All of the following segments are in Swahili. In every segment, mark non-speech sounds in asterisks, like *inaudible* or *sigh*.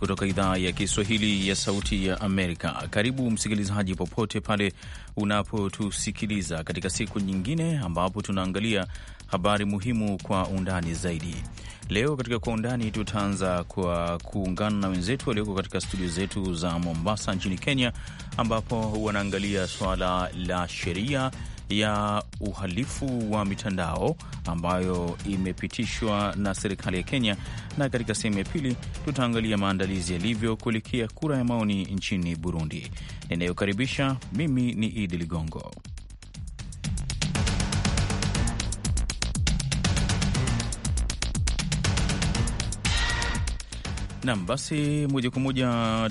kutoka idhaa ya Kiswahili ya Sauti ya Amerika. Karibu msikilizaji, popote pale unapotusikiliza katika siku nyingine ambapo tunaangalia habari muhimu kwa undani zaidi. Leo katika Kwa Undani tutaanza kwa kuungana na wenzetu walioko katika studio zetu za Mombasa nchini Kenya, ambapo wanaangalia suala la sheria ya uhalifu wa mitandao ambayo imepitishwa na serikali ya Kenya, na katika sehemu ya pili tutaangalia maandalizi yalivyo kuelekea kura ya maoni nchini Burundi. Ninayokaribisha mimi ni Idi Ligongo. Nam, basi moja kwa moja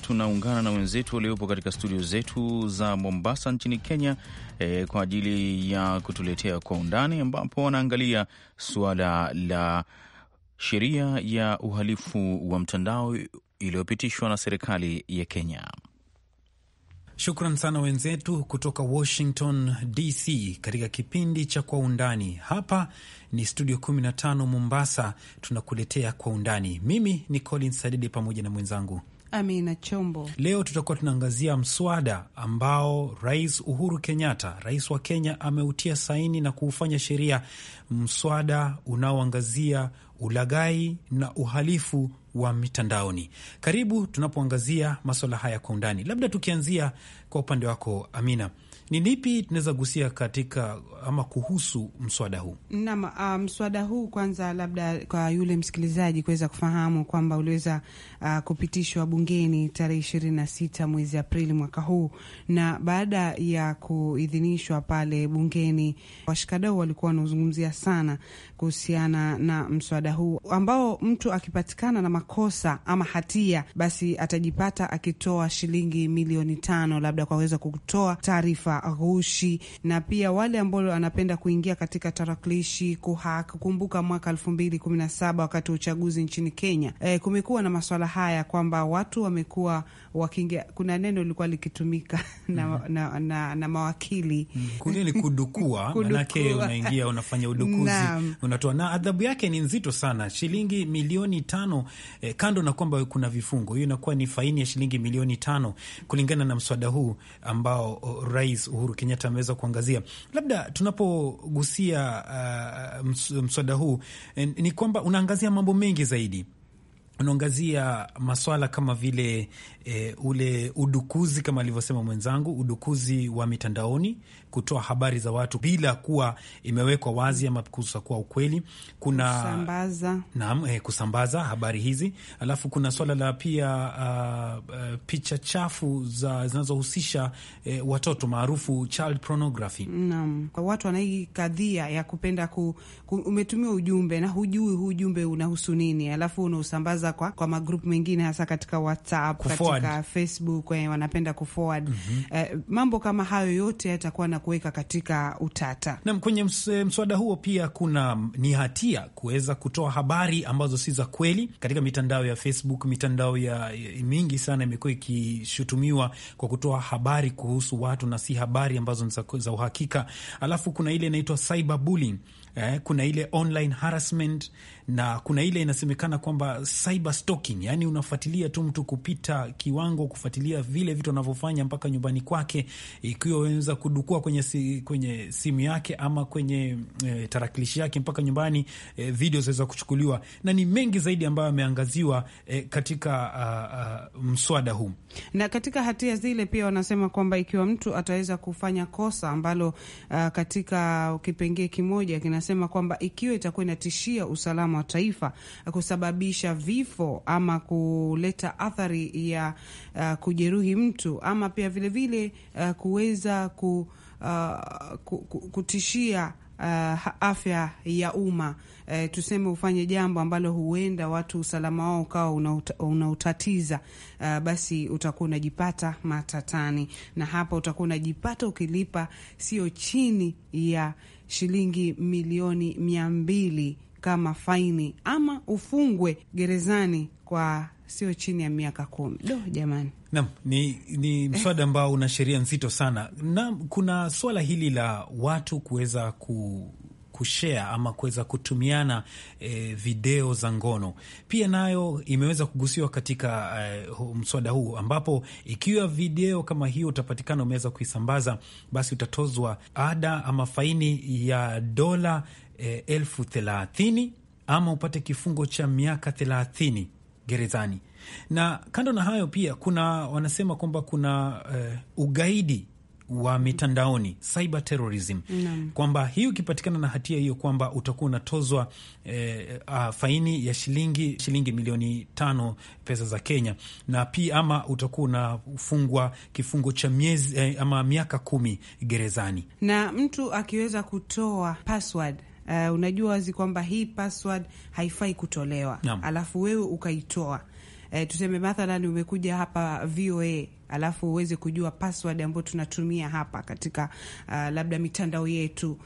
tunaungana na wenzetu waliopo katika studio zetu za Mombasa nchini Kenya e, kwa ajili ya kutuletea kwa undani, ambapo wanaangalia suala la sheria ya uhalifu wa mtandao iliyopitishwa na serikali ya Kenya. Shukran sana wenzetu kutoka Washington DC katika kipindi cha Kwa Undani. Hapa ni studio 15 Mombasa, tunakuletea Kwa Undani. Mimi ni Colin Sadidi pamoja na mwenzangu Amina Chombo. Leo tutakuwa tunaangazia mswada ambao Rais Uhuru Kenyatta, rais wa Kenya, ameutia saini na kuufanya sheria, mswada unaoangazia ulagai na uhalifu wa mitandaoni. Karibu tunapoangazia maswala haya kwa undani, labda tukianzia kwa upande wako Amina, ni lipi tunaweza gusia katika ama kuhusu mswada huu? Naam, um, mswada huu kwanza, labda kwa yule msikilizaji kuweza kufahamu kwamba uliweza uh, kupitishwa bungeni tarehe ishirini na sita mwezi Aprili mwaka huu, na baada ya kuidhinishwa pale bungeni, washikadau walikuwa wanaozungumzia sana kuhusiana na mswada huu ambao mtu akipatikana na makosa ama hatia, basi atajipata akitoa shilingi milioni tano labda kwa weza kutoa taarifa ghushi, na pia wale ambao anapenda kuingia katika tarakilishi kuhak. Kumbuka mwaka elfu mbili kumi na saba wakati wa uchaguzi nchini Kenya, e, kumekuwa na maswala haya kwamba watu wamekuwa wakiingia, kuna neno lilikuwa likitumika *laughs* na, mm -hmm. na, na, na, na mawakili mm. kudukua, *laughs* kudukua. Manake unaingia unafanya udukuzi unatoa, na adhabu yake ni nzito sana, shilingi milioni tano. Eh, kando na kwamba kuna vifungo, hiyo inakuwa ni faini ya shilingi milioni tano kulingana na mswada huu ambao Rais Uhuru Kenyatta ameweza kuangazia. Labda tunapogusia uh, mswada huu eh, ni kwamba unaangazia mambo mengi zaidi unaangazia maswala kama vile e, ule udukuzi kama alivyosema mwenzangu, udukuzi wa mitandaoni kutoa habari za watu bila kuwa imewekwa wazi ama kusa kuwa ukweli. Kuna kusambaza, naam, eh, kusambaza habari hizi, alafu kuna swala la pia uh, uh, picha chafu za zinazohusisha eh, watoto maarufu child pornography. Naam, kwa watu wanai kadhia ya kupenda ku, ku, umetumia ujumbe na hujui huu ujumbe unahusu nini, alafu unausambaza kwa, kwa magrupu mengine hasa katika WhatsApp, katika Facebook, eh, wanapenda kuforward mm -hmm. eh, mambo kama hayo yote yatakuwa na na kuweka katika utata. Nam, kwenye eh, mswada huo pia kuna mm, ni hatia kuweza kutoa habari ambazo si za kweli katika mitandao ya Facebook. Mitandao ya mingi sana imekuwa ikishutumiwa kwa kutoa habari kuhusu watu na si habari ambazo ni za uhakika. Alafu kuna ile inaitwa cyber eh, kuna ile online harassment na kuna ile inasemekana kwamba cyber stalking, yani unafuatilia tu mtu kupita kiwango, kufuatilia vile vitu anavyofanya mpaka nyumbani kwake, ikiwa unaweza kudukua kwenye, si, kwenye simu yake ama kwenye e, tarakilishi yake mpaka nyumbani e, video zaweza kuchukuliwa, na ni mengi zaidi ambayo ameangaziwa e, eh, katika a, ah, a, ah, mswada huu. Na katika hatia zile pia wanasema kwamba ikiwa mtu ataweza kufanya kosa ambalo a, ah, katika kipengee kimoja kinasema kwamba ikiwa itakuwa inatishia usalama Mataifa kusababisha vifo ama kuleta athari ya uh, kujeruhi mtu ama pia vilevile vile, uh, kuweza ku, uh, kutishia Uh, afya ya umma uh, tuseme ufanye jambo ambalo huenda watu usalama wao ukawa unautatiza una uh, basi utakuwa unajipata matatani, na hapa utakuwa unajipata ukilipa sio chini ya shilingi milioni mia mbili kama faini ama ufungwe gerezani kwa sio chini ya miaka kumi. Do jamani, nam ni, ni mswada ambao una sheria nzito sana. Nam, kuna swala hili la watu kuweza ku kushare ama kuweza kutumiana e, video za ngono pia nayo imeweza kugusiwa katika e, mswada huu, ambapo ikiwa video kama hiyo utapatikana umeweza kuisambaza, basi utatozwa ada ama faini ya dola e, elfu thelathini ama upate kifungo cha miaka thelathini gerezani. Na kando na hayo pia kuna wanasema kwamba kuna e, ugaidi wa mitandaoni cyber terrorism, kwamba hii ukipatikana na hatia hiyo kwamba utakuwa unatozwa uh, faini ya shilingi shilingi milioni tano pesa za Kenya, na pia ama utakuwa unafungwa kifungo cha miezi eh, ama miaka kumi gerezani, na mtu akiweza kutoa password uh, unajua wazi kwamba hii password haifai kutolewa yeah. Alafu wewe ukaitoa E, tuseme mathalan umekuja hapa VOA alafu uweze kujua password ambayo tunatumia hapa katika uh, labda mitandao yetu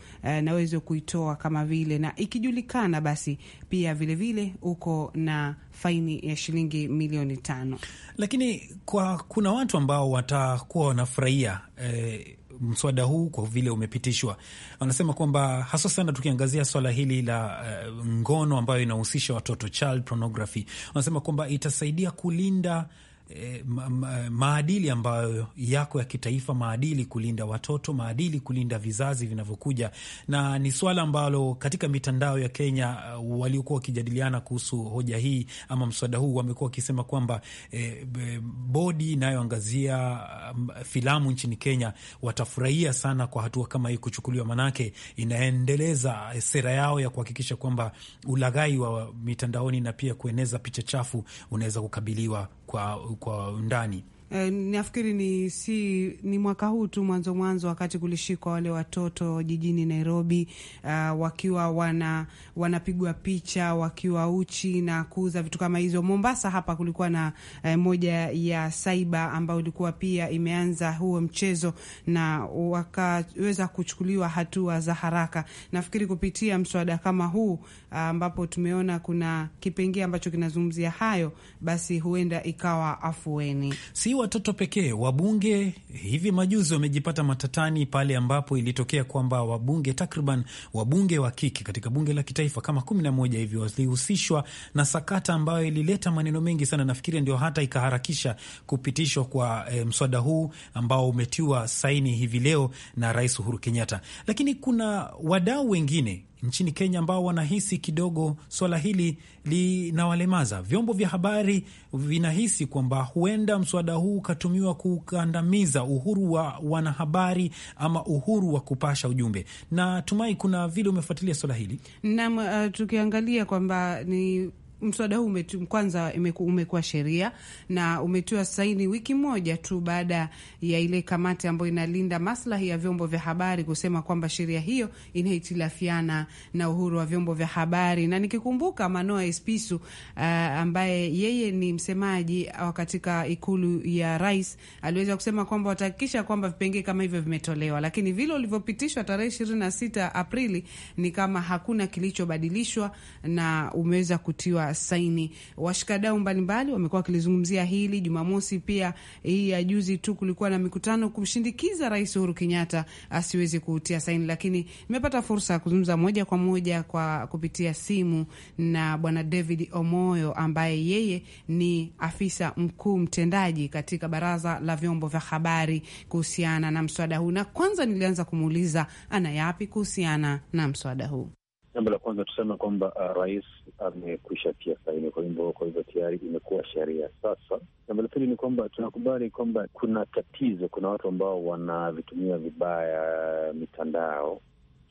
uh, uweze kuitoa kama vile, na ikijulikana basi pia vilevile vile uko na faini ya shilingi milioni tano. Lakini kwa kuna watu ambao watakuwa wanafurahia eh, mswada huu kwa vile umepitishwa. Wanasema kwamba haswa sana tukiangazia swala hili la uh, ngono ambayo inahusisha watoto, child pornography, wanasema kwamba itasaidia kulinda Eh, ma, ma, maadili ambayo yako ya kitaifa, maadili kulinda watoto, maadili kulinda vizazi vinavyokuja, na ni swala ambalo katika mitandao ya Kenya uh, waliokuwa wakijadiliana kuhusu hoja hii ama mswada huu wamekuwa wakisema kwamba eh, bodi inayoangazia um, filamu nchini Kenya watafurahia sana kwa hatua kama hii kuchukuliwa, manake inaendeleza sera yao ya kuhakikisha kwamba ulaghai wa mitandaoni na pia kueneza picha chafu unaweza kukabiliwa kwa, kwa undani eh, nafikiri ni, si, ni mwaka huu tu mwanzo mwanzo, wakati kulishikwa wale watoto jijini Nairobi uh, wakiwa wana wanapigwa picha wakiwa uchi na kuuza vitu kama hizo. Mombasa hapa kulikuwa na eh, moja ya saiba ambayo ilikuwa pia imeanza huo mchezo na wakaweza kuchukuliwa hatua za haraka. Nafikiri kupitia mswada kama huu eh, ambapo tumeona kuna kipengee ambacho kinazungumzia hayo, basi huenda ikawa afueni si watoto pekee. Wabunge hivi majuzi wamejipata matatani pale ambapo ilitokea kwamba wabunge takriban wabunge wa kike katika bunge la kitaifa kama kumi na moja hivi walihusishwa na sakata ambayo ilileta maneno mengi sana. Nafikiria ndio hata ikaharakisha kupitishwa kwa e, mswada huu ambao umetiwa saini hivi leo na Rais Uhuru Kenyatta, lakini kuna wadau wengine nchini Kenya ambao wanahisi kidogo swala hili linawalemaza. Vyombo vya habari vinahisi kwamba huenda mswada huu ukatumiwa kukandamiza uhuru wa wanahabari ama uhuru wa kupasha ujumbe. Na tumai kuna vile umefuatilia swala hili nam, uh, tukiangalia kwamba ni mswada huu umetu, kwanza umekuwa sheria na umetiwa saini wiki moja tu baada ya ile kamati ambayo inalinda maslahi ya vyombo vya habari kusema kwamba sheria hiyo inahitilafiana na uhuru wa vyombo vya habari. Na nikikumbuka Manoa Espisu uh, ambaye yeye ni msemaji uh, katika ikulu ya rais aliweza kusema kwamba watahakikisha kwamba vipengee kama hivyo vimetolewa, lakini vile ulivyopitishwa tarehe ishirini na sita Aprili ni kama hakuna kilichobadilishwa na umeweza kutiwa saini. Washikadau mbalimbali wamekuwa wakilizungumzia hili. Jumamosi pia hii ya juzi tu kulikuwa na mikutano kumshindikiza Rais Uhuru Kenyatta asiwezi kutia saini, lakini nimepata fursa ya kuzungumza moja kwa moja kwa kupitia simu na Bwana David Omoyo ambaye yeye ni afisa mkuu mtendaji katika baraza la vyombo vya habari kuhusiana na mswada huu, na kwanza nilianza kumuuliza ana yapi kuhusiana na mswada huu. Jambo la kwanza tuseme kwamba uh, rais amekwisha tia saini, kwa hivyo kwa hivyo tayari imekuwa sheria. Sasa jambo la pili ni kwamba tunakubali kwamba kuna tatizo, kuna watu ambao wanavitumia vibaya mitandao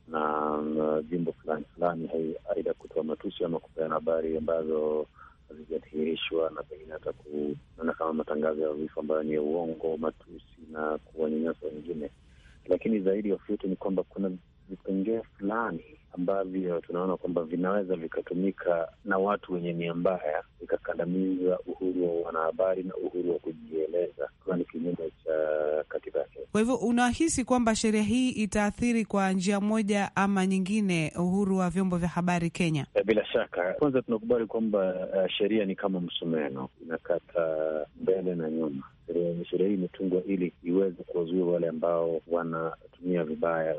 na uh, vyombo fulani fulani, aidha kutoa matusi ama kupeana habari ambazo hazijadhihirishwa na pengine hata kuona kama matangazo ya vifo ambayo ni ya uongo, matusi na kuwanyanyasa wengine. Lakini zaidi ya yote ni kwamba kuna vipengee fulani ambavyo tunaona kwamba vinaweza vikatumika na watu wenye nia mbaya vikakandamiza uhuru wa wanahabari na uhuru wa kujieleza, kama ni kinyume cha katiba ya Kenya. Kwa hivyo unahisi kwamba sheria hii itaathiri kwa njia moja ama nyingine uhuru wa vyombo vya habari Kenya? Eh, bila shaka, kwanza tunakubali kwamba uh, sheria ni kama msumeno, inakata mbele na nyuma. Sheria hii imetungwa ili iweze kuwazuia wale ambao wanatumia vibaya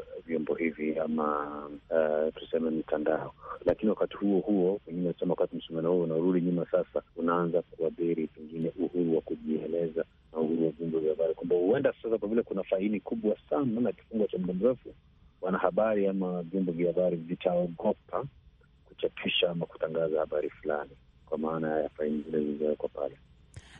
huo huo, pengine nasema wakati msongano huo unarudi nyuma sasa, unaanza kuadhiri pengine uhuru wa kujieleza na uhuru wa vyombo vya habari, kwamba huenda sasa, kwa vile kuna faini kubwa sana na kifungo cha muda mrefu, wanahabari ama vyombo vya habari vitaogopa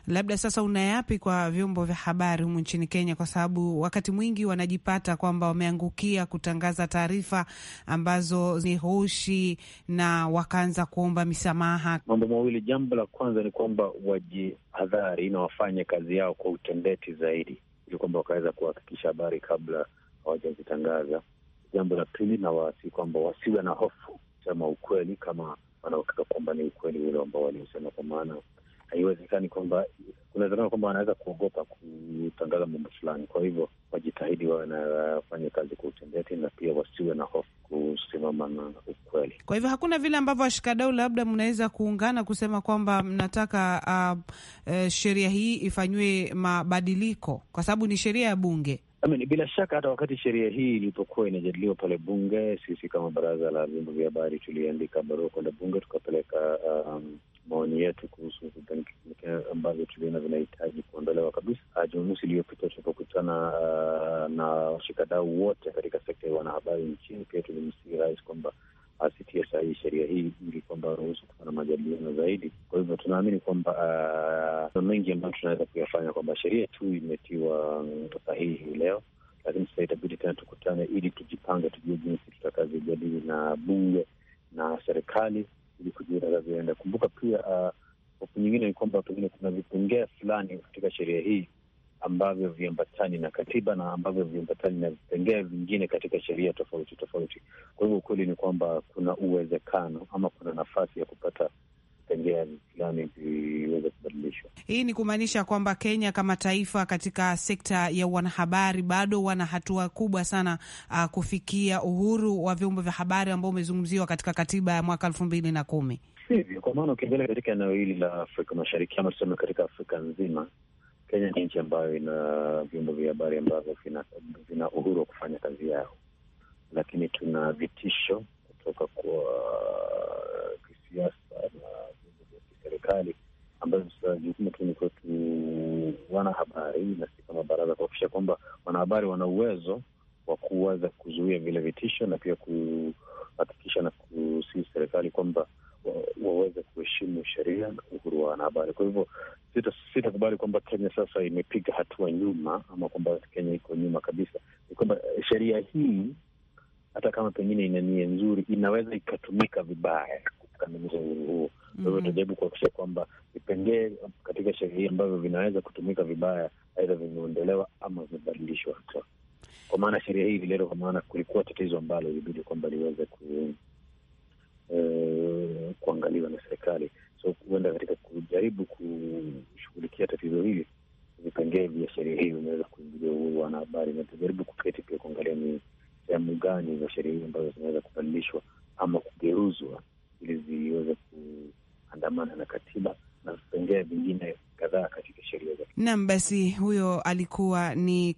Labda sasa una yapi kwa vyombo vya habari humu nchini Kenya, kwa sababu wakati mwingi wanajipata kwamba wameangukia kutangaza taarifa ambazo ni hushi na wakaanza kuomba misamaha. Mambo mawili, jambo la kwanza ni kwamba wajihadhari na wafanye kazi yao kwa utendeti zaidi, ili kwamba wakaweza kuhakikisha habari kabla hawajazitangaza. Jambo la pili, na wasi kwamba wasiwe na hofu kusema ukweli kama wanaokeka kwamba ni ukweli ule ambao waliosema, kwa maana haiwezekani kwamba kunawezekana kwamba wanaweza kuogopa kutangaza mambo fulani. Kwa hivyo wajitahidi wawe nafanya kazi kwa utendeti, na pia wasiwe na hofu kusimama na ukweli. Kwa hivyo hakuna vile ambavyo washikadau labda mnaweza kuungana kusema kwamba mnataka uh, uh, sheria hii ifanyiwe mabadiliko, kwa sababu ni sheria ya bunge. Amin, bila shaka hata wakati sheria hii ilipokuwa inajadiliwa pale bunge, sisi kama baraza la vyombo vya habari tuliandika barua kwenda bunge tukapeleka um, maoni yetu kuhusu vipengee ambavyo tuliona vinahitaji kuondolewa kabisa. Ah, Jumamosi iliyopita tulipokutana uh, na washikadau wote katika sekta ya wanahabari nchini, pia tulimsihi rais kwamba asitie sahihi sheria hii ili kwamba waruhusu kufanya majadiliano zaidi. Kwa hivyo tunaamini kwamba uh, mengi ambayo tunaweza kuyafanya kwamba sheria tu imetiwa mm, sahihi leo lakini sasa itabidi tena tukutane ili tujipange, tujue jinsi tutakazijadili na bunge na serikali kuliko jinsi inavyoenda. Kumbuka pia uh, hofu uh, nyingine ni kwamba pengine kuna vipengee fulani katika sheria hii ambavyo viambatani na katiba na ambavyo viambatani na vipengee vingine katika sheria tofauti tofauti. Kwa hivyo ukweli ni kwamba kuna uwezekano ama kuna nafasi ya kupata tangia fulani iweze kubadilishwa. Hii ni kumaanisha kwamba Kenya kama taifa katika sekta ya wanahabari bado wana hatua kubwa sana uh, kufikia uhuru wa vyombo vya habari ambao umezungumziwa katika katiba ya mwaka elfu mbili na kumi sivyo? Kwa maana ukiangalia katika eneo hili la Afrika Mashariki ama tuseme katika Afrika nzima, Kenya ni nchi ambayo ina vyombo vya habari ambavyo vina uhuru wa kufanya kazi yao, lakini tuna vitisho kutoka kwa kisiasa na vyombo vya kiserikali ambazo jukumu tu ni kwetu wanahabari na si kama baraza kuhakikisha kwamba wanahabari wana uwezo wa kuweza kuzuia vile vitisho na pia kuhakikisha na kusii serikali kwamba waweze kuheshimu sheria na uhuru wa wanahabari. Kwa hivyo sitakubali kwamba Kenya sasa imepiga hatua nyuma ama kwamba Kenya iko nyuma kabisa. Ni kwamba eh, sheria hii hata kama pengine ina nia nzuri, inaweza ikatumika vibaya kandamiza uhuru huo. Kwa hivyo mm-hmm. tutajaribu kuhakikisha kwamba vipengee katika sheria hii ambavyo vinaweza kutumika vibaya, aidha vimeondolewa ama vimebadilishwa. Kwa maana sheria hii ilileta, kwa maana kulikuwa tatizo ambalo ilibidi kwamba liweze ku eh, kuangaliwa na serikali. So huenda katika kujaribu kushughulikia tatizo hili vipengee vya sheria hii vimeweza kuingilia uhuru wa wanahabari, na tujaribu kuketi pia kuangalia ni sehemu gani za sheria hii ambazo zinaweza kubadilishwa ama kugeuzwa ili ziweze kuandamana na katiba na vipengee vingine kadhaa katika sheria zake. Naam, basi huyo alikuwa ni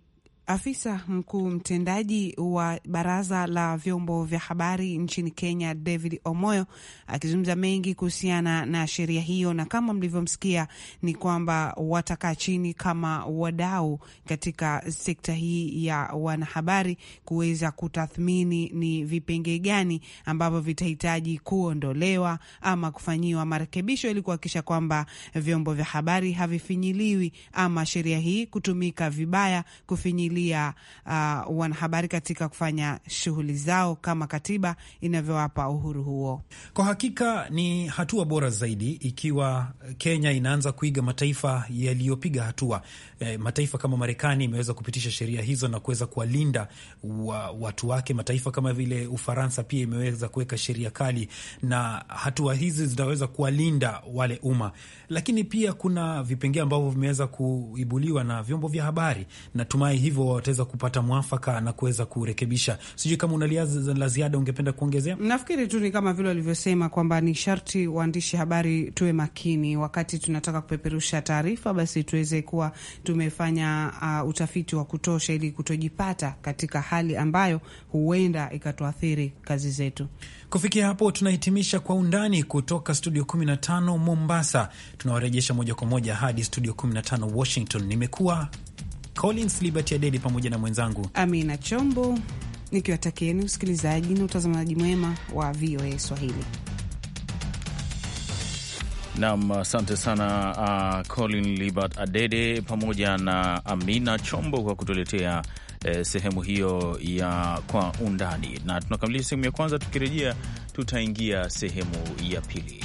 Afisa mkuu mtendaji wa baraza la vyombo vya habari nchini Kenya, David Omoyo, akizungumza mengi kuhusiana na sheria hiyo, na kama mlivyomsikia ni kwamba watakaa chini kama wadau katika sekta hii ya wanahabari kuweza kutathmini ni vipengee gani ambavyo vitahitaji kuondolewa ama kufanyiwa marekebisho ili kuhakikisha kwamba vyombo vya habari havifinyiliwi ama sheria hii kutumika vibaya kufinyiliwa kuwazuilia uh, wanahabari katika kufanya shughuli zao kama katiba inavyowapa uhuru huo. Kwa hakika ni hatua bora zaidi ikiwa Kenya inaanza kuiga mataifa yaliyopiga hatua. E, mataifa kama Marekani imeweza kupitisha sheria hizo na kuweza kuwalinda wa, watu wake. Mataifa kama vile Ufaransa pia imeweza kuweka sheria kali, na hatua hizi zitaweza kuwalinda wale umma, lakini pia kuna vipengee ambavyo vimeweza kuibuliwa na vyombo vya habari. Natumai hivyo wataweza kupata mwafaka na kuweza kurekebisha. Sijui kama una la ziada ungependa kuongezea? Nafikiri tu ni kama vile walivyosema kwamba ni sharti waandishi habari tuwe makini wakati tunataka kupeperusha taarifa, basi tuweze kuwa tumefanya uh, utafiti wa kutosha ili kutojipata katika hali ambayo huenda ikatuathiri kazi zetu. Kufikia hapo tunahitimisha Kwa Undani kutoka studio 15 Mombasa. Tunawarejesha moja kwa moja hadi studio 15 Washington. Nimekuwa Collins Liberty Adede pamoja na mwenzangu Amina Chombo, nikiwatakieni usikilizaji na utazamaji mwema wa VOA Swahili. Nam, asante sana uh, Colin Libert Adede pamoja na Amina Chombo kwa kutuletea eh, sehemu hiyo ya kwa undani, na tunakamilisha sehemu ya kwanza. Tukirejea tutaingia sehemu ya pili.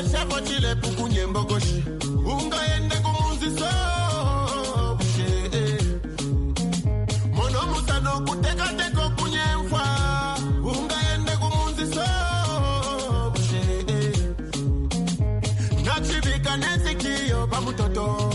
shako chile puku nyembogoshi ungaende kumunziso bushe eh, eh. mono musano kutekateko kunyemfwa ungaende kumunziso bushe eh, nachivika nezikiyo pamutoto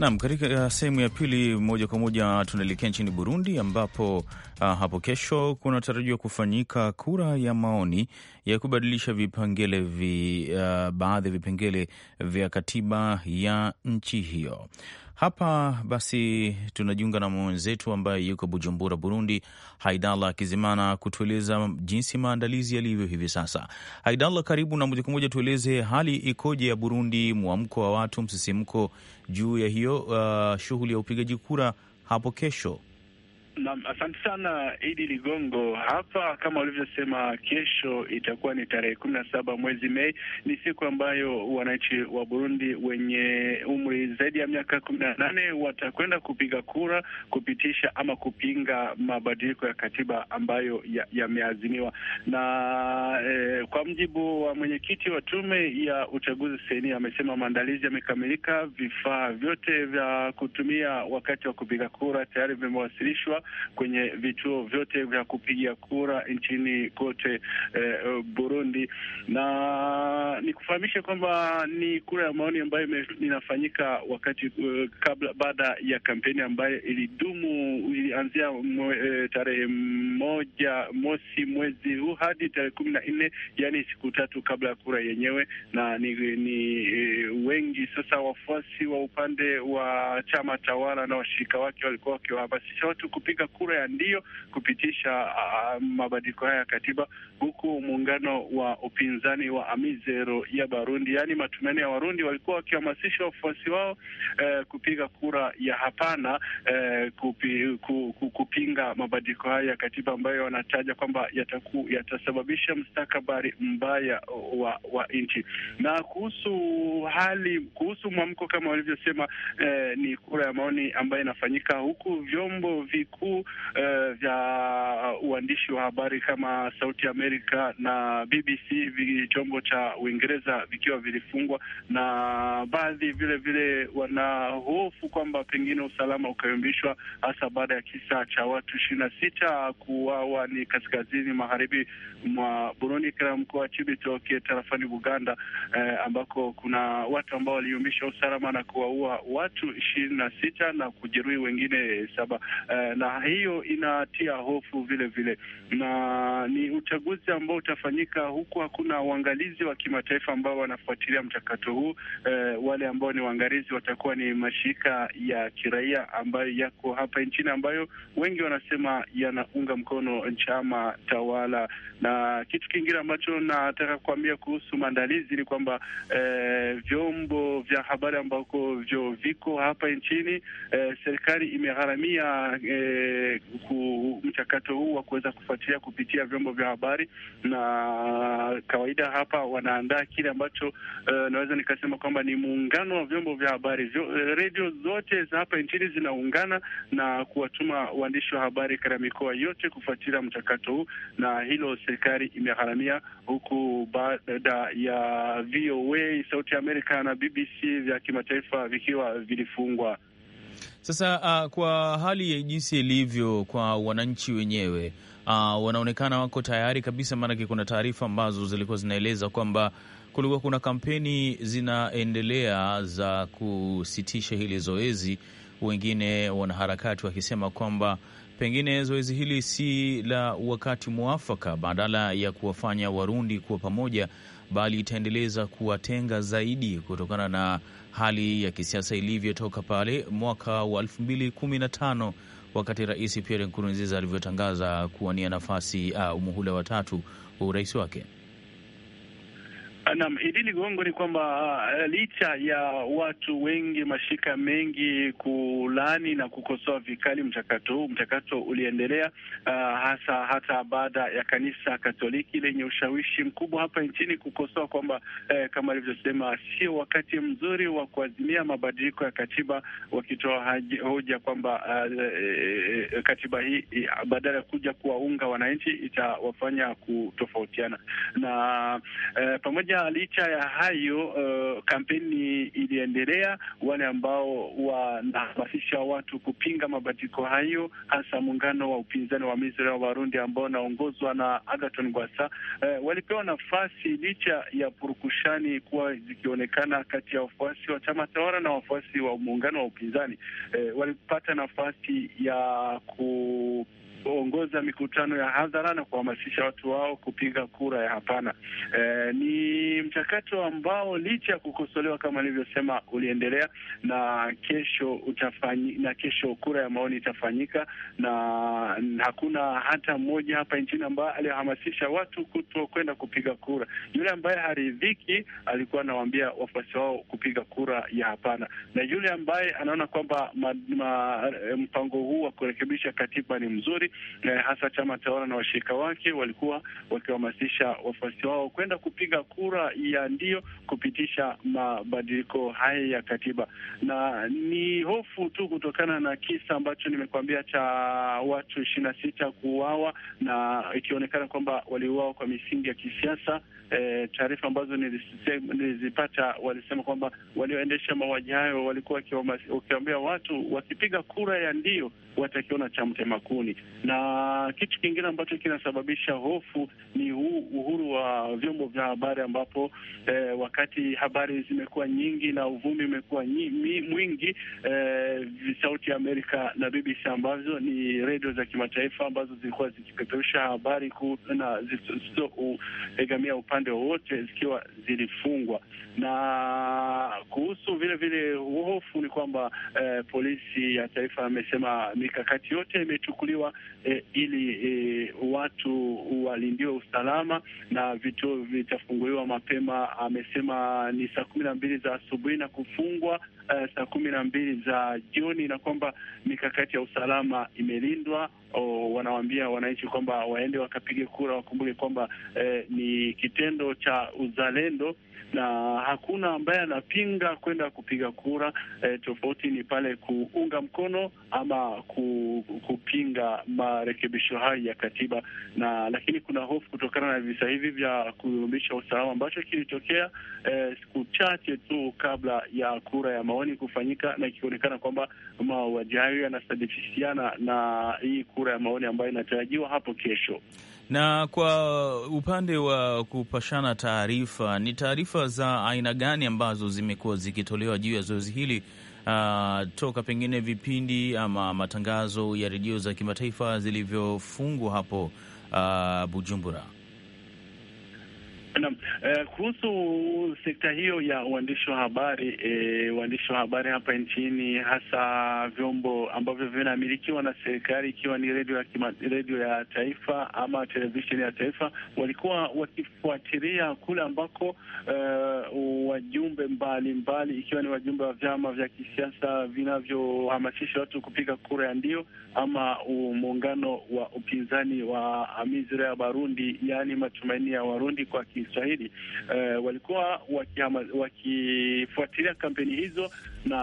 Nam, katika eh, sehemu ya pili, moja kwa moja tunaelekea nchini Burundi ambapo uh, hapo kesho kunatarajiwa kufanyika kura ya maoni ya kubadilisha vipengele vi, uh, baadhi ya vipengele vya katiba ya nchi hiyo. Hapa basi tunajiunga na mwenzetu ambaye yuko Bujumbura, Burundi, Haidala Kizimana, kutueleza jinsi maandalizi yalivyo hivi sasa. haidala karibu na moja kwa moja, tueleze hali ikoje ya Burundi, mwamko wa watu, msisimko juu ya hiyo uh, shughuli ya upigaji kura hapo kesho. Naam, asante sana Idi Ligongo. Hapa kama walivyosema, kesho itakuwa ni tarehe kumi na saba mwezi Mei, ni siku ambayo wananchi wa Burundi wenye umri zaidi ya miaka kumi na nane watakwenda kupiga kura kupitisha ama kupinga mabadiliko ya katiba ambayo yameazimiwa ya na eh, kwa mjibu wa mwenyekiti wa tume ya uchaguzi seni, amesema maandalizi yamekamilika, vifaa vyote vya kutumia wakati wa kupiga kura tayari vimewasilishwa kwenye vituo vyote vya kupigia kura nchini kote eh, Burundi, na nikufahamishe kwamba ni kura ya maoni ambayo inafanyika wakati uh, kabla baada ya kampeni ambayo ilidumu ilianzia eh, tarehe moja mosi mwezi huu hadi tarehe kumi na nne yani siku tatu kabla ya kura yenyewe, na ni, ni eh, wengi sasa wafuasi wa upande wa chama tawala na washirika wake walikuwa wakiwahamasisha watu kupiga kupiga kura ya ndio kupitisha uh, mabadiliko haya ya katiba, huku muungano wa upinzani wa Amizero ya Barundi, yaani matumaini ya Warundi, walikuwa wakihamasisha wafuasi wao uh, kupiga kura ya hapana uh, kupi, ku, ku, kupinga mabadiliko haya ya katiba ambayo wanataja kwamba yataku, yatasababisha mstakabari mbaya wa, wa nchi. Na kuhusu hali kuhusu mwamko kama walivyosema, uh, ni kura ya maoni ambayo inafanyika huku vyombo viku vikuu uh, eh, vya uandishi wa habari kama Sauti Amerika na BBC, chombo cha Uingereza vikiwa vilifungwa, na baadhi vile vile wanahofu kwamba pengine usalama ukayumbishwa, hasa baada ya kisa cha watu ishirini na sita kuuawa ni kaskazini magharibi mwa Burundi katika mkoa wa Cibitoke tarafani Buganda, eh, ambako kuna watu ambao waliumbisha usalama na kuwaua watu ishirini na sita na kujeruhi wengine saba eh, na hiyo inatia hofu vile vile, na ni uchaguzi ambao utafanyika huku hakuna uangalizi wa kimataifa ambao wanafuatilia mchakato huu. E, wale ambao ni waangalizi watakuwa ni mashirika ya kiraia ambayo yako hapa nchini ambayo wengi wanasema yanaunga mkono chama tawala. Na kitu kingine ambacho nataka kuambia kuhusu maandalizi ni kwamba e, vyombo vya habari ambako vyo viko hapa nchini e, serikali imegharamia e, mchakato huu wa kuweza kufuatilia kupitia vyombo vya habari, na kawaida hapa wanaandaa kile ambacho uh, naweza nikasema kwamba ni muungano wa vyombo vya habari. Eh, redio zote za hapa nchini zinaungana na kuwatuma waandishi wa habari katika mikoa yote kufuatilia mchakato huu, na hilo serikali imegharamia, huku baada ya VOA, Sauti ya Amerika na BBC vya kimataifa vikiwa vilifungwa. Sasa uh, kwa hali ya jinsi ilivyo kwa wananchi wenyewe uh, wanaonekana wako tayari kabisa, maanake kuna taarifa ambazo zilikuwa zinaeleza kwamba kulikuwa kuna kampeni zinaendelea za kusitisha hili zoezi, wengine wanaharakati wakisema kwamba pengine zoezi hili si la wakati mwafaka, badala ya kuwafanya Warundi kuwa pamoja, bali itaendeleza kuwatenga zaidi kutokana na hali ya kisiasa ilivyotoka pale mwaka wa 2015 wakati Rais Pierre Nkurunziza alivyotangaza kuwania nafasi uh, umuhula watatu wa urais wake. Ah, naam, Idi Ligongo, ni kwamba uh, licha ya watu wengi mashirika mengi kulani na kukosoa vikali mchakato huu, mchakato uliendelea uh, hasa hata baada ya kanisa Katoliki lenye ushawishi mkubwa hapa nchini kukosoa kwamba eh, kama alivyosema sio wakati mzuri wa kuazimia mabadiliko ya katiba, wakitoa hoja kwamba uh, eh, katiba hii eh, badala ya kuja kuwaunga wananchi itawafanya kutofautiana na eh, pamoja licha ya hayo, uh, kampeni iliendelea. Wale ambao wanahamasisha watu kupinga mabadiliko hayo, hasa muungano wa upinzani wa Misri wa Warundi ambao unaongozwa na agaton Gwasa uh, walipewa nafasi licha ya purukushani kuwa zikionekana kati ya wafuasi wa chama tawala na wafuasi wa muungano wa upinzani. Uh, walipata nafasi ya ku kuongoza mikutano ya hadhara na kuhamasisha watu wao kupiga kura ya hapana. E, ni mchakato ambao licha ya kukosolewa kama nilivyosema, uliendelea na kesho utafanyi, na kesho kura ya maoni itafanyika, na hakuna hata mmoja hapa nchini ambaye alihamasisha watu kuto kwenda kupiga kura. Yule ambaye haridhiki alikuwa anawaambia wafuasi wao kupiga kura ya hapana, na yule ambaye anaona kwamba mpango huu wa kurekebisha katiba ni mzuri eh, hasa chama tawala na washirika wake walikuwa wakiwahamasisha wafuasi wao kwenda kupiga kura ya ndio kupitisha mabadiliko haya ya katiba, na ni hofu tu kutokana na kisa ambacho nimekuambia cha watu ishirini na sita kuuawa na ikionekana kwamba waliuawa kwa misingi ya kisiasa. E, taarifa ambazo nilizipata walisema kwamba walioendesha mauaji hayo walikuwa wakiwaambia watu wakipiga kura ya ndio watakiona cha mtemakuni na kitu kingine ambacho kinasababisha hofu ni uhuru wa vyombo vya habari ambapo eh, wakati habari zimekuwa nyingi na uvumi umekuwa mwingi eh, Sauti ya Amerika na BBC ambazo ni redio za kimataifa ambazo zilikuwa zikipeperusha habari na zisizoegamia upande wowote zikiwa zilifungwa. Na kuhusu vile vile hofu ni kwamba eh, polisi ya taifa amesema mikakati yote imechukuliwa eh, ili eh, watu walindiwe usalama na vituo vitafunguliwa mapema. Amesema ni saa kumi na mbili za asubuhi na kufungwa uh, saa kumi na mbili za jioni, na kwamba mikakati ya usalama imelindwa. wanawambia wanawaambia wananchi kwamba waende wakapige kura, wakumbuke kwamba eh, ni kitendo cha uzalendo na hakuna ambaye anapinga kwenda kupiga kura eh, tofauti ni pale kuunga mkono ama ku, kupinga marekebisho hayo ya katiba. Na lakini kuna hofu kutokana na visa hivi vya kuyumbisha usalama ambacho kilitokea eh, siku chache tu kabla ya kura ya maoni maoni kufanyika na ikionekana kwamba mauaji hayo yanasadifishiana na hii kura ya maoni ambayo inatarajiwa hapo kesho. Na kwa upande wa kupashana taarifa, ni taarifa za aina gani ambazo zimekuwa zikitolewa juu ya zoezi hili? Uh, toka pengine vipindi ama matangazo ya redio za kimataifa zilivyofungwa hapo uh, Bujumbura. Naam, eh, kuhusu sekta hiyo ya uandishi wa habari eh, uandishi wa habari hapa nchini hasa vyombo ambavyo vinamilikiwa na serikali ikiwa ni redio ya kima, redio ya taifa ama televisheni ya taifa walikuwa wakifuatilia kule ambako eh, wajumbe mbalimbali mbali, ikiwa ni wajumbe wa vyama vya kisiasa vinavyohamasisha watu kupiga kura ya ndio ama muungano wa upinzani wa Amizero ya Barundi, yaani matumaini ya Warundi kwa ki Kiswahili uh, walikuwa wakifuatilia kampeni hizo na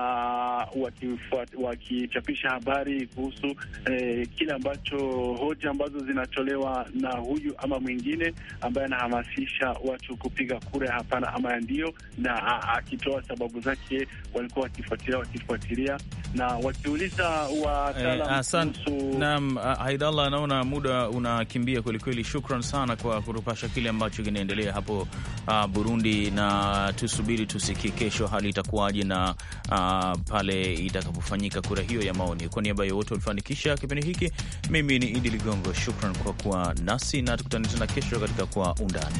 wakichapisha habari kuhusu eh, kile ambacho hoja ambazo zinatolewa na huyu ama mwingine ambaye anahamasisha watu kupiga kura ya hapana ama ya ndio, na akitoa sababu zake. Walikuwa wakifuatilia wakifuatilia na wakiuliza wataalam eh, kuhusu. Naam, Haidallah, anaona muda unakimbia kwelikweli. Shukran sana kwa kutupasha kile ambacho kinaendelea kuendelea hapo uh, Burundi, na tusubiri tusikie kesho hali itakuwaje na uh, pale itakapofanyika kura hiyo ya maoni. Kwa niaba ya wote walifanikisha kipindi hiki, mimi ni Idi Ligongo, shukran kwa kuwa nasi na tukutane tena kesho katika Kwa Undani.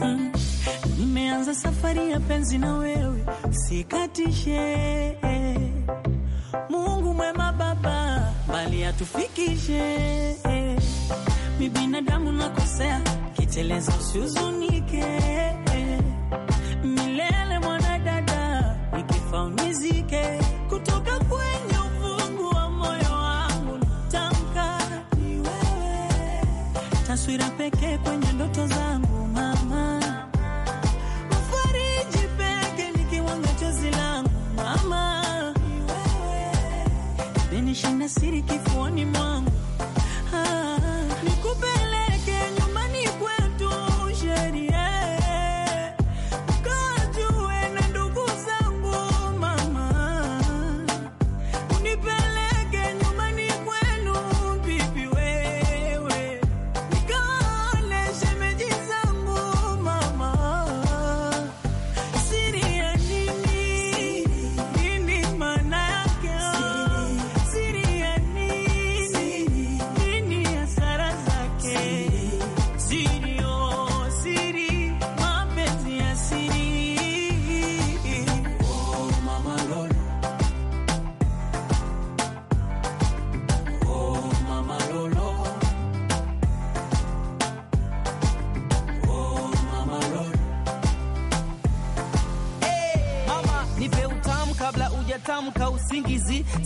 mm. Nimeanza safari ya penzi na wewe, sikatishe Mungu mwema Baba, bali atufikishe. Mi binadamu nakosea, kiteleza usihuzunike milele mwanadada, nikifa unizike taswira pekee kwenye ndoto zangu mama, ufariji ni kiwango chozi langu mama, siri kifuani mwangu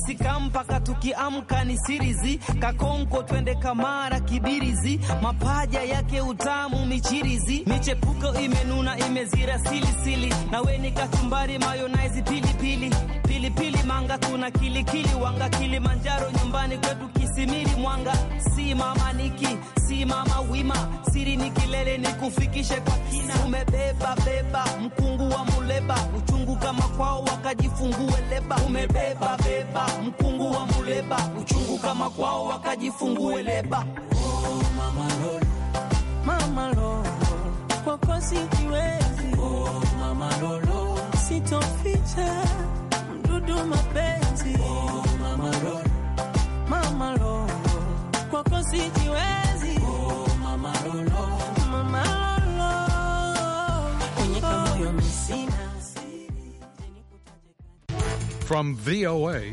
Se campa ukiamka ni sirizi, kakonko twende Kamara kibirizi, mapaja yake utamu michirizi, michepuko imenuna imezira silisili, na weni kachumbari mayonaizi pilipili pilipili pili, manga tuna kilikili wanga Kilimanjaro nyumbani kwetu Kisimiri Mwanga, si mama niki si mama wima siri ni kilele ni kufikishe kwa kina umebeba beba mkungu wa muleba uchungu kama kwao wakajifungue leba umebeba beba mkungu wa muleba waliobeba uchungu kama kwao wakajifungue leba. Oh, mama lolo, mama lolo, sikiwezi. Oh, mama lolo, sitoficha mdudu mapenzi. Oh, mama lolo, mama lolo, sikiwezi. Oh, mama lolo, mama lolo, misina. From VOA